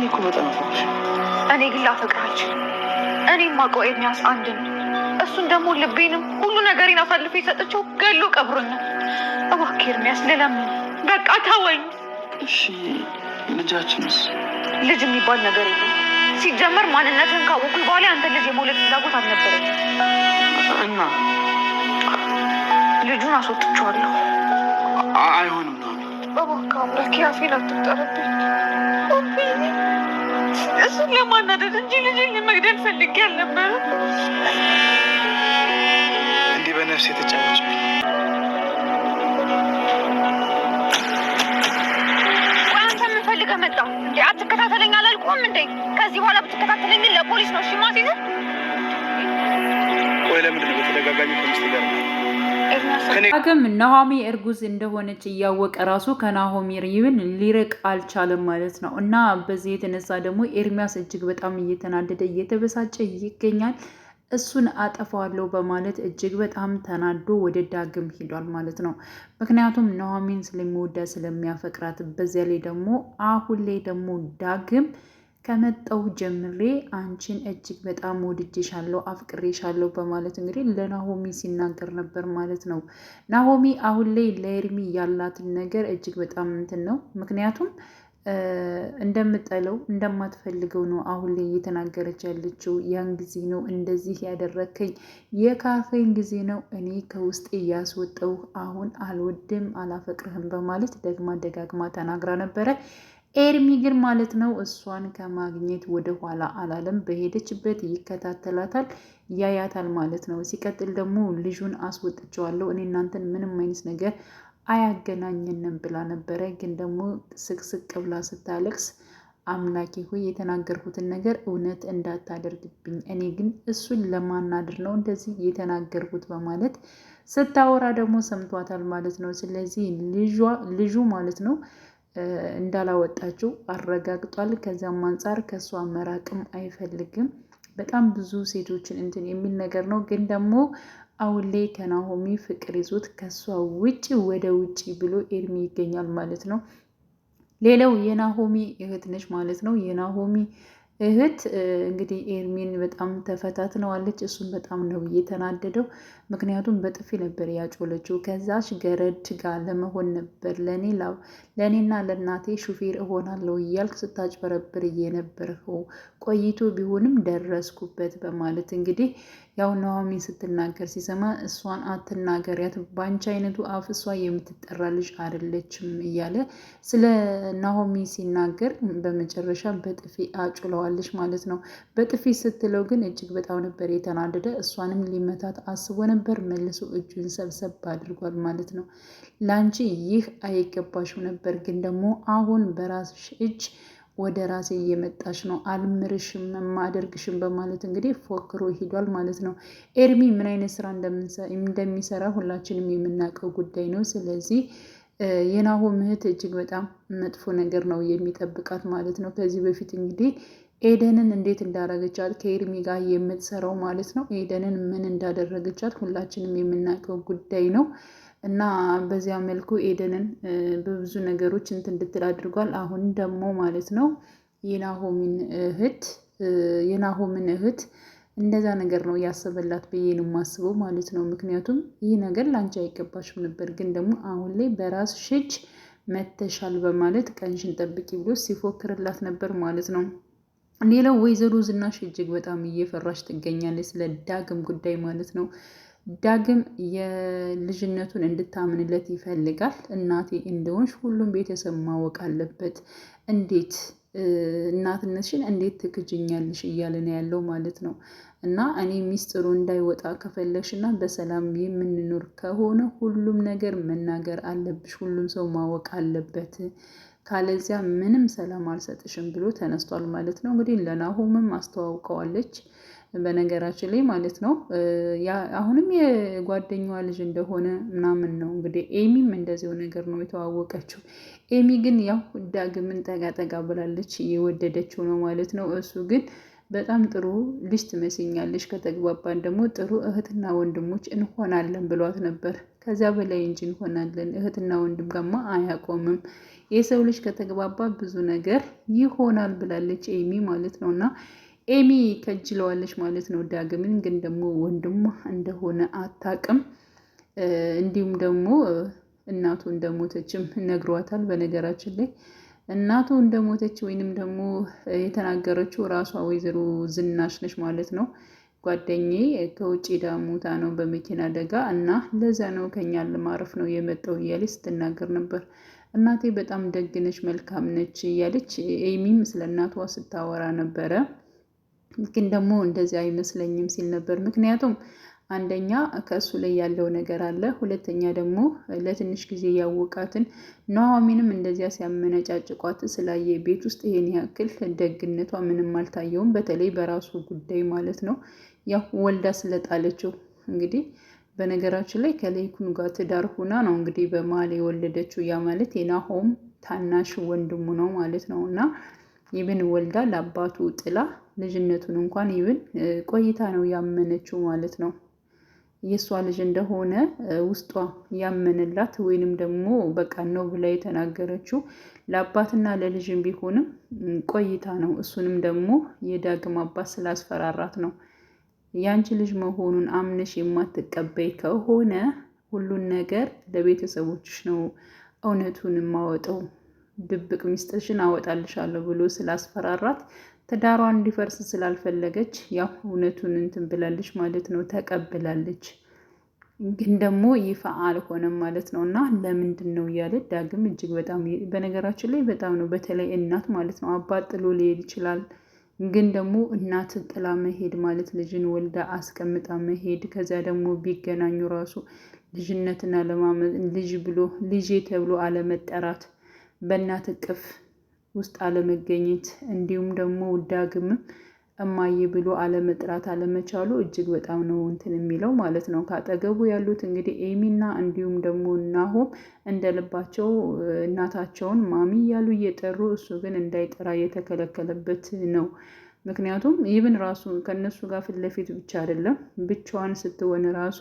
እኔ እኮ በጣም አፈቅሽ። እኔ ግን ላፈቅር እኔ ማውቀው ኤርሚያስ አንድን እሱን ደግሞ ልቤንም ሁሉ ነገሬን አሳልፎ የሰጠችው ገሎ ቀብሮኛል። ነው። እባክህ ኤርሚያስ ልለምን፣ በቃ ተወኝ። እሺ ልጃችንስ? ልጅ የሚባል ነገር የለም። ሲጀመር ማንነትን ካወኩኝ በኋላ አንተ ልጅ የመውለድ ፍላጎት አልነበረኝ እና ልጁን አስወጥቼዋለሁ። አይሆንም ነው እባክህ አምላክ ያፌን አትጠረብኝ። እሱን ለማናደድ እንጂ ልጅን ለመግደል ፈልጌ አልነበረ። እንዲህ በነፍስ የተጫነች አንተ ምን ፈልገህ መጣሁ? እንዲ አትከታተለኝ አላልኩም እንዴ? ከዚህ በኋላ ብትከታተለኝ ለፖሊስ ነው ሽማሴት። ቆይ ለምንድን ነው በተደጋጋሚ ከሚስት ጋር ዳግም ናሆሚ እርጉዝ እንደሆነች እያወቀ ራሱ ከናሆሚ ይብን ሊርቅ አልቻለም ማለት ነው። እና በዚህ የተነሳ ደግሞ ኤርሚያስ እጅግ በጣም እየተናደደ እየተበሳጨ ይገኛል። እሱን አጠፋዋለሁ በማለት እጅግ በጣም ተናዶ ወደ ዳግም ሄዷል ማለት ነው። ምክንያቱም ናሆሚን ስለሚወዳ ስለሚያፈቅራት፣ በዚያ ላይ ደግሞ አሁን ላይ ደግሞ ዳግም ከመጣው ጀምሬ አንቺን እጅግ በጣም ወድጄሻለሁ አፍቅሬሻለሁ በማለት እንግዲህ ለናሆሚ ሲናገር ነበር ማለት ነው። ናሆሚ አሁን ላይ ለኤርሚ ያላትን ነገር እጅግ በጣም እንትን ነው። ምክንያቱም እንደምጠለው እንደማትፈልገው ነው አሁን ላይ እየተናገረች ያለችው። ያን ጊዜ ነው እንደዚህ ያደረከኝ፣ የካፌን ጊዜ ነው እኔ ከውስጥ እያስወጠው፣ አሁን አልወድም አላፈቅርህም በማለት ደግማ ደጋግማ ተናግራ ነበረ። ኤርሚ ግን ማለት ነው እሷን ከማግኘት ወደ ኋላ አላለም። በሄደችበት ይከታተላታል፣ ያያታል ማለት ነው። ሲቀጥል ደግሞ ልጁን አስወጥቸዋለሁ እኔ እናንተን ምንም አይነት ነገር አያገናኘንም ብላ ነበረ። ግን ደግሞ ስቅስቅ ብላ ስታለቅስ አምላኬ ሆይ የተናገርኩትን ነገር እውነት እንዳታደርግብኝ፣ እኔ ግን እሱን ለማናድር ነው እንደዚህ የተናገርኩት በማለት ስታወራ ደግሞ ሰምቷታል ማለት ነው። ስለዚህ ልጁ ማለት ነው እንዳላወጣችው አረጋግጧል። ከዚያም አንጻር ከእሷ መራቅም አይፈልግም። በጣም ብዙ ሴቶችን እንትን የሚል ነገር ነው። ግን ደግሞ አሁን ላይ ከናሆሚ ፍቅር ይዞት ከእሷ ውጭ ወደ ውጭ ብሎ ኤርሚ ይገኛል ማለት ነው። ሌላው የናሆሚ እህት ነች ማለት ነው የናሆሚ እህት እንግዲህ ኤርሚን በጣም ተፈታትነዋለች። እሱን በጣም ነው እየተናደደው። ምክንያቱም በጥፊ ነበር ያጮለችው። ከዛች ገረድ ጋር ለመሆን ነበር ለእኔና ለእናቴ ሹፌር እሆናለሁ እያልክ ስታጭበረብር እየነበርከው ቆይቶ ቢሆንም ደረስኩበት በማለት እንግዲህ ያው ኑሃሚን ስትናገር ሲሰማ እሷን አትናገሪያት፣ ባንቺ አይነቱ አፍ እሷ የምትጠራ ልጅ አይደለችም እያለ ስለ ናሆሚ ሲናገር በመጨረሻ በጥፊ አጩለዋለች ማለት ነው። በጥፊ ስትለው ግን እጅግ በጣም ነበር የተናደደ። እሷንም ሊመታት አስቦ ነበር፣ መልሶ እጁን ሰብሰብ አድርጓል ማለት ነው። ለአንቺ ይህ አይገባሽም ነበር፣ ግን ደግሞ አሁን በራስሽ እጅ ወደ ራሴ እየመጣሽ ነው አልምርሽም፣ የማደርግሽም በማለት እንግዲህ ፎክሮ ሂዷል ማለት ነው። ኤርሚ ምን አይነት ስራ እንደሚሰራ ሁላችንም የምናውቀው ጉዳይ ነው። ስለዚህ የናሆ ምህት እጅግ በጣም መጥፎ ነገር ነው የሚጠብቃት ማለት ነው። ከዚህ በፊት እንግዲህ ኤደንን እንዴት እንዳረገቻት ከኤርሚ ጋር የምትሰራው ማለት ነው ኤደንን ምን እንዳደረገቻት ሁላችንም የምናውቀው ጉዳይ ነው። እና በዚያ መልኩ ኤደንን በብዙ ነገሮች እንትን እንድትል አድርጓል። አሁን ደግሞ ማለት ነው የናሆምን እህት የናሆምን እህት እንደዛ ነገር ነው ያሰበላት ብዬ ነው የማስበው ማለት ነው። ምክንያቱም ይህ ነገር ለአንቺ አይገባሽም ነበር፣ ግን ደግሞ አሁን ላይ በራስ ሽጅ መተሻል በማለት ቀንሽን ጠብቂ ብሎ ሲፎክርላት ነበር ማለት ነው። ሌላው ወይዘሮ ዝናሽ እጅግ በጣም እየፈራሽ ትገኛለች፣ ስለ ዳግም ጉዳይ ማለት ነው። ዳግም የልጅነቱን እንድታምንለት ይፈልጋል። እናቴ እንደሆንሽ ሁሉም ቤተሰብ ማወቅ አለበት፣ እንዴት እናትነትሽን እንዴት ትክጅኛለሽ እያለ ነው ያለው ማለት ነው። እና እኔ ሚስጥሩ እንዳይወጣ ከፈለግሽ እና በሰላም የምንኖር ከሆነ ሁሉም ነገር መናገር አለብሽ፣ ሁሉም ሰው ማወቅ አለበት ካለዚያ ምንም ሰላም አልሰጥሽም ብሎ ተነስቷል ማለት ነው። እንግዲህ ለናሆምም አስተዋውቀዋለች። በነገራችን ላይ ማለት ነው። አሁንም የጓደኛዋ ልጅ እንደሆነ ምናምን ነው እንግዲህ ኤሚም እንደዚው ነገር ነው የተዋወቀችው። ኤሚ ግን ያው ዳግምን ጠጋጠጋ ብላለች፣ የወደደችው ነው ማለት ነው። እሱ ግን በጣም ጥሩ ልጅ ትመስኛለች፣ ከተግባባን ደግሞ ጥሩ እህትና ወንድሞች እንሆናለን ብሏት ነበር። ከዚያ በላይ እንጂ እንሆናለን። እህትና ወንድም ጋማ አያቆምም። የሰው ልጅ ከተግባባ ብዙ ነገር ይሆናል ብላለች ኤሚ ማለት ነው እና ኤሚ ከጅለዋለች ማለት ነው። ዳግምን ግን ደግሞ ወንድሟ እንደሆነ አታቅም። እንዲሁም ደግሞ እናቱ እንደሞተችም ነግሯታል። በነገራችን ላይ እናቱ እንደሞተች ወይንም ደግሞ የተናገረችው ራሷ ወይዘሮ ዝናሽ ነች ማለት ነው። ጓደኛዬ ከውጭ ሄዳ ሞታ ነው በመኪና አደጋ እና ለዛ ነው ከኛ ለማረፍ ነው የመጣው እያለች ስትናገር ነበር። እናቴ በጣም ደግነች፣ መልካም ነች እያለች ኤሚም ስለ እናቷ ስታወራ ነበረ። ግን ደግሞ እንደዚህ አይመስለኝም ሲል ነበር። ምክንያቱም አንደኛ ከእሱ ላይ ያለው ነገር አለ፣ ሁለተኛ ደግሞ ለትንሽ ጊዜ ያወቃትን ኑሐሚንም እንደዚያ ሲያመነጫጭቋት ስላየ ቤት ውስጥ ይሄን ያክል ደግነቷ ምንም አልታየውም። በተለይ በራሱ ጉዳይ ማለት ነው። ያው ወልዳ ስለጣለችው እንግዲህ በነገራችን ላይ ከላይ ጋር ትዳር ሁና ነው እንግዲህ በመሀል የወለደችው። ያ ማለት የናሆም ታናሽ ወንድሙ ነው ማለት ነው እና ይብን ወልዳ ለአባቱ ጥላ ልጅነቱን እንኳን ይብን ቆይታ ነው ያመነችው ማለት ነው። የእሷ ልጅ እንደሆነ ውስጧ ያመነላት ወይንም ደግሞ በቃ ነው ብላ የተናገረችው ለአባትና ለልጅም ቢሆንም ቆይታ ነው። እሱንም ደግሞ የዳግም አባት ስላስፈራራት ነው። ያንቺ ልጅ መሆኑን አምነሽ የማትቀበይ ከሆነ ሁሉን ነገር ለቤተሰቦችሽ ነው እውነቱን የማወጣው ድብቅ ሚስጥርሽን አወጣልሻለሁ ብሎ ስላስፈራራት ትዳሯን እንዲፈርስ ስላልፈለገች ያው እውነቱን እንትን ብላለች ማለት ነው፣ ተቀብላለች። ግን ደግሞ ይፋ አልሆነም ማለት ነው። እና ለምንድን ነው እያለ ዳግም እጅግ በጣም በነገራችን ላይ በጣም ነው፣ በተለይ እናት ማለት ነው። አባት ጥሎ ሊሄድ ይችላል። ግን ደግሞ እናት ጥላ መሄድ ማለት ልጅን ወልዳ አስቀምጣ መሄድ፣ ከዚያ ደግሞ ቢገናኙ ራሱ ልጅነትና ለማመ ልጅ ብሎ ልጄ ተብሎ አለመጠራት በእናት እቅፍ ውስጥ አለመገኘት እንዲሁም ደግሞ ውዳግም እማዬ ብሎ አለመጥራት አለመቻሉ እጅግ በጣም ነው እንትን የሚለው ማለት ነው። ካጠገቡ ያሉት እንግዲህ ኤሚና እንዲሁም ደግሞ ናሆም እንደ ልባቸው እናታቸውን ማሚ እያሉ እየጠሩ እሱ ግን እንዳይጠራ እየተከለከለበት ነው። ምክንያቱም ይብን ራሱ ከእነሱ ጋር ፊት ለፊት ብቻ አይደለም ብቻዋን ስትሆን ራሱ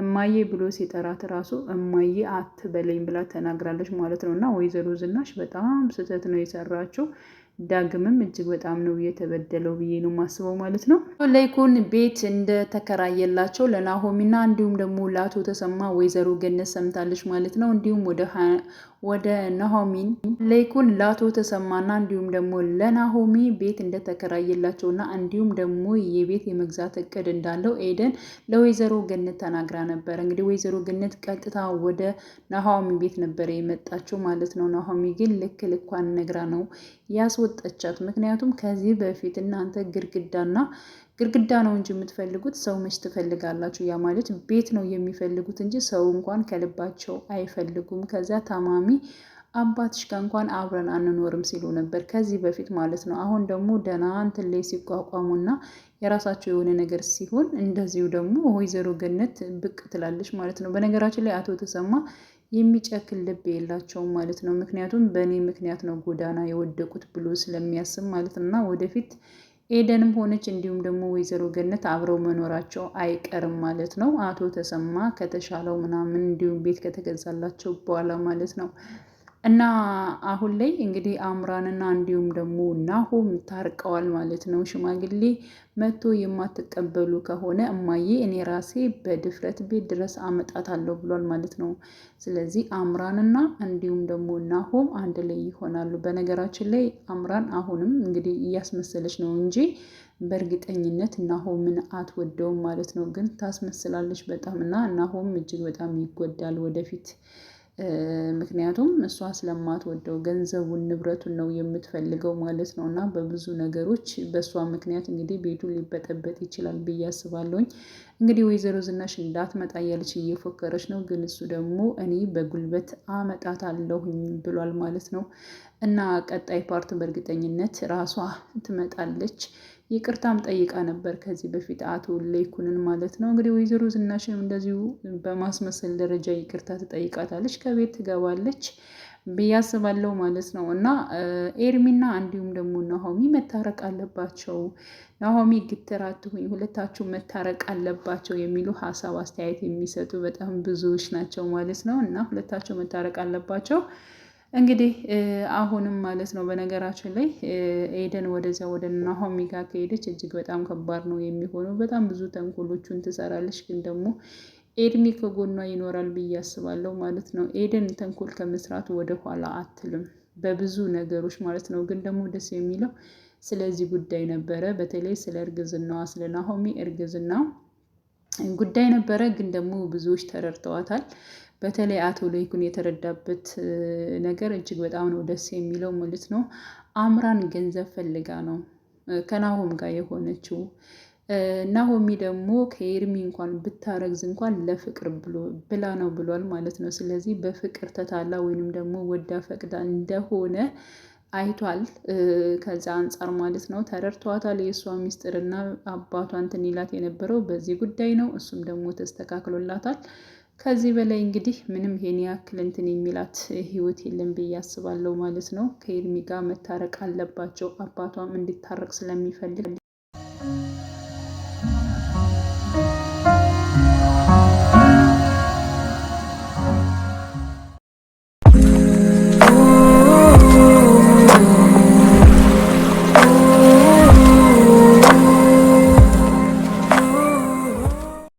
እማዬ ብሎ ሲጠራት ራሱ እማዬ አትበለኝ ብላ ተናግራለች ማለት ነው። እና ወይዘሮ ዝናሽ በጣም ስህተት ነው የሰራችው። ዳግምም እጅግ በጣም ነው የተበደለው ብዬ ነው ማስበው ማለት ነው። ለይኩን ቤት እንደተከራየላቸው ለናሆሚና እንዲሁም ደግሞ ለአቶ ተሰማ ወይዘሮ ገነት ሰምታለች ማለት ነው። እንዲሁም ወደ ናሆሚን ለይኩን ለአቶ ተሰማና እንዲሁም ደግሞ ለናሆሚ ቤት እንደተከራየላቸውና እንዲሁም ደግሞ የቤት የመግዛት እቅድ እንዳለው ኤደን ለወይዘሮ ገነት ተናግራ ነበር። እንግዲህ ወይዘሮ ገነት ቀጥታ ወደ ናሆሚ ቤት ነበረ የመጣቸው ማለት ነው። ናሆሚ ግን ልክ ልኳን ነግራ ነው ያስወ አስወጠቻት። ምክንያቱም ከዚህ በፊት እናንተ ግድግዳና ግድግዳ ነው እንጂ የምትፈልጉት ሰው መች ትፈልጋላችሁ? ያ ማለት ቤት ነው የሚፈልጉት እንጂ ሰው እንኳን ከልባቸው አይፈልጉም። ከዚያ ታማሚ አባትሽ ጋር እንኳን አብረን አንኖርም ሲሉ ነበር ከዚህ በፊት ማለት ነው። አሁን ደግሞ ደህና እንትን ላይ ሲቋቋሙና የራሳቸው የሆነ ነገር ሲሆን እንደዚሁ ደግሞ ወይዘሮ ገነት ብቅ ትላለች ማለት ነው። በነገራችን ላይ አቶ ተሰማ የሚጨክል ልብ የላቸውም ማለት ነው። ምክንያቱም በእኔ ምክንያት ነው ጎዳና የወደቁት ብሎ ስለሚያስብ ማለት እና ወደፊት ኤደንም ሆነች እንዲሁም ደግሞ ወይዘሮ ገነት አብረው መኖራቸው አይቀርም ማለት ነው። አቶ ተሰማ ከተሻለው ምናምን እንዲሁም ቤት ከተገዛላቸው በኋላ ማለት ነው። እና አሁን ላይ እንግዲህ አምራንና እንዲሁም ደግሞ ናሁም ታርቀዋል ማለት ነው። ሽማግሌ መቶ የማትቀበሉ ከሆነ እማዬ እኔ ራሴ በድፍረት ቤት ድረስ አመጣት አለው ብሏል ማለት ነው። ስለዚህ አምራንና እንዲሁም ደግሞ ናሆም አንድ ላይ ይሆናሉ። በነገራችን ላይ አምራን አሁንም እንግዲህ እያስመሰለች ነው እንጂ በእርግጠኝነት ናሆምን አትወደውም ማለት ነው። ግን ታስመስላለች በጣም እና ናሆም እጅግ በጣም ይጎዳል ወደፊት ምክንያቱም እሷ ስለማትወደው ገንዘቡን ንብረቱን ነው የምትፈልገው ማለት ነው። እና በብዙ ነገሮች በእሷ ምክንያት እንግዲህ ቤቱ ሊበጠበጥ ይችላል ብዬ አስባለሁኝ። እንግዲህ ወይዘሮ ዝናሽ እንዳትመጣ እያለች እየፎከረች ነው፣ ግን እሱ ደግሞ እኔ በጉልበት አመጣት አለሁኝ ብሏል ማለት ነው። እና ቀጣይ ፓርት በእርግጠኝነት ራሷ ትመጣለች። ይቅርታም ጠይቃ ነበር ከዚህ በፊት አቶ ለይኩንን ማለት ነው። እንግዲህ ወይዘሮ ዝናሽም እንደዚሁ በማስመሰል ደረጃ ይቅርታ ትጠይቃታለች፣ ከቤት ትገባለች ብያስባለው ማለት ነው። እና ኤርሚና እንዲሁም ደግሞ ናሆሚ መታረቅ አለባቸው፣ ናሆሚ ግትር ሁለታችሁ መታረቅ አለባቸው የሚሉ ሀሳብ አስተያየት የሚሰጡ በጣም ብዙዎች ናቸው ማለት ነው። እና ሁለታቸው መታረቅ አለባቸው እንግዲህ አሁንም ማለት ነው በነገራችን ላይ ኤደን ወደዚያ ወደ ናሆሚ ከሄደች እጅግ በጣም ከባድ ነው የሚሆነው። በጣም ብዙ ተንኮሎቹን ትሰራለች፣ ግን ደግሞ ኤድሚ ከጎኗ ይኖራል ብዬ አስባለሁ ማለት ነው። ኤደን ተንኮል ከመስራቱ ወደኋላ አትልም በብዙ ነገሮች ማለት ነው። ግን ደግሞ ደስ የሚለው ስለዚህ ጉዳይ ነበረ፣ በተለይ ስለ እርግዝናዋ ስለ ናሆሚ እርግዝና ጉዳይ ነበረ። ግን ደግሞ ብዙዎች ተረድተዋታል። በተለይ አቶ ለይኩን የተረዳበት ነገር እጅግ በጣም ነው ደስ የሚለው ማለት ነው። አምራን ገንዘብ ፈልጋ ነው ከናሆም ጋር የሆነችው። ናሆሚ ደግሞ ከኤርሚ እንኳን ብታረግዝ እንኳን ለፍቅር ብላ ነው ብሏል ማለት ነው። ስለዚህ በፍቅር ተታላ ወይንም ደግሞ ወዳ ፈቅዳ እንደሆነ አይቷል። ከዛ አንጻር ማለት ነው ተረድቷታል። የእሷ ሚስጥርና አባቷን እንትን ይላት የነበረው በዚህ ጉዳይ ነው። እሱም ደግሞ ተስተካክሎላታል። ከዚህ በላይ እንግዲህ ምንም ይሄን ያክል እንትን የሚላት ህይወት የለም ብዬ አስባለሁ ማለት ነው። ከኤርሚ ጋር መታረቅ አለባቸው። አባቷም እንዲታረቅ ስለሚፈልግ